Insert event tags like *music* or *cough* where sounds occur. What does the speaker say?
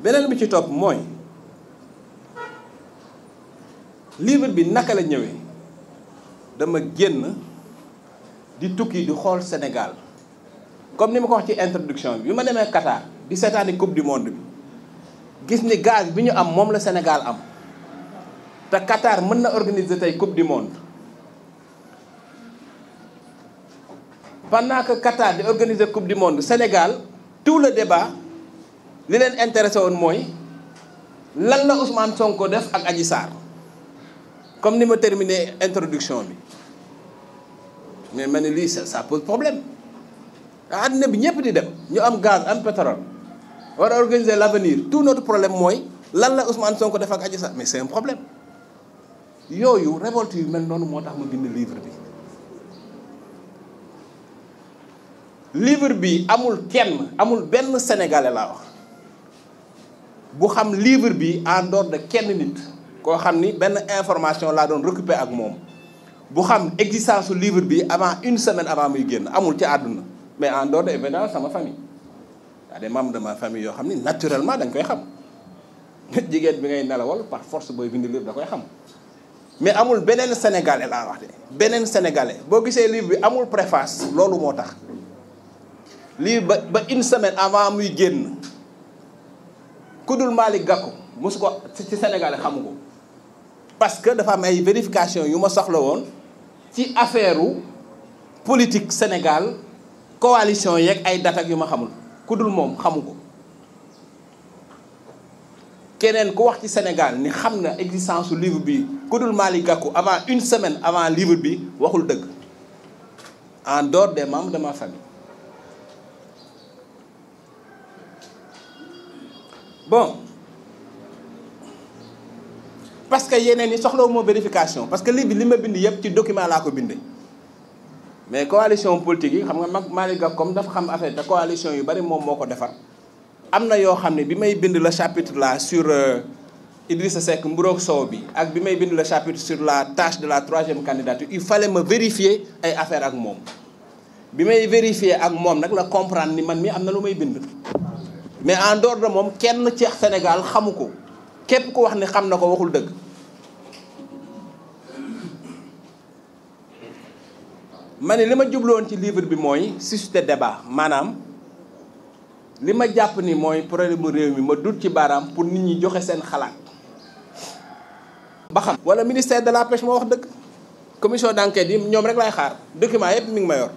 beneen bi ci topp mooy livre bi naka la ñëwee dama génn di tukki di xool Sénégal comme ni ma ko wax ci introduction bi bi ma demee Qatar di seetaani coupe du monde bi gis ni gaz bi ñu am moom la Sénégal am te Qatar mën na organiser tey coupe du monde pendant que Qatar di organiser coupe du monde Sénégal tout le débat li leen intéressé woon mooy lan la Ousmane Sonko def ak Adji comme ni ma terminé introduction bi mais ma ne lii ça ça pose problème ah àddina bi ñëpp di dem ñu am gaz am pétrole war a organiser l' avenir tout notre problème mooy lan la Ousmane Sonko def ak Adji Sarr mais c' est un problème yooyu révolte yu mel noonu moo tax ma bind livre bi. livre bi amul kenn amul benn sénégalais laa wax. bu xam livre bi en dehors de kenn nit koo xam ni benn information laa doon récupérer ak moom bu xam existence su livre bi avant une semaine avant muy génn amul ci àdduna mais en dehors de sama famille y a des membres de ma famille yoo xam ni naturellement dañ koy xam *laughs* jigéen bi ngay nelawal par force booy bind livre da koy xam mais amul beneen sénégalais laa wax de beneen sénégalais boo gisee livre bi amul préface loolu moo tax livre ba ba une semaine avant muy génn ku dul Malick Gakou mosu ko ci Sénégal xamu ko parce que dafa am ay vérification yu ma soxla woon ci affaire politique Sénégal coalition yeeg ay datak yu ma xamul ku dul moom xamu ko keneen ku wax ci Sénégal ni xam na existence su livre bi ku dul Malick Gakou avant une semaine avant livre bi waxul dëgg en dehors des membres de ma famille bon parce que yeneen yi soxla moo vérification parce que li bi li ma bind yëpp ci document laa ko bindee mais coalition politique yi xam nga mag Malick comme dafa xam affaire te coalition yu bari moom moo ko defar am na yoo xam ne bi may bind la chapitre là sur euh, Idrissa Seck mburoog sow bi ak bi may bind la chapitre sur la tâche de la troisième candidature il fallait ma vérifier ay affaire ak moom bi may vérifier ak moom nag la comprendre ni man mii am na lu may bind mais en dehors de moom kenn ci senegal xamu ko képp ku wax ne xam na ko waxul dëgg ma ne li ma jubloon ci livre bi mooy susciter débat maanaam li ma jàpp ni mooy problème mu réew mi ma dut ci baaraam pour nit ñi joxe seen xalaat ba xam wala ministère de la pêche moo wax dëgg commission d'enquête yi ñoom rek lay xaar document yëpp mi ngi ma yor